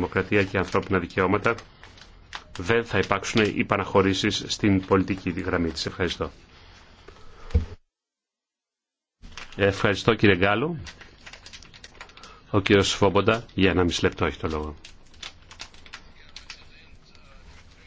δημοκρατία και ανθρώπινα δικαιώματα δεν θα υπάρξουν οι παναχωρήσεις στην πολιτική γραμμή της. Ευχαριστώ. Ευχαριστώ κύριε Γκάλου. Ο κύριος Φόμποντα για ένα μισή λεπτό έχει το λόγο.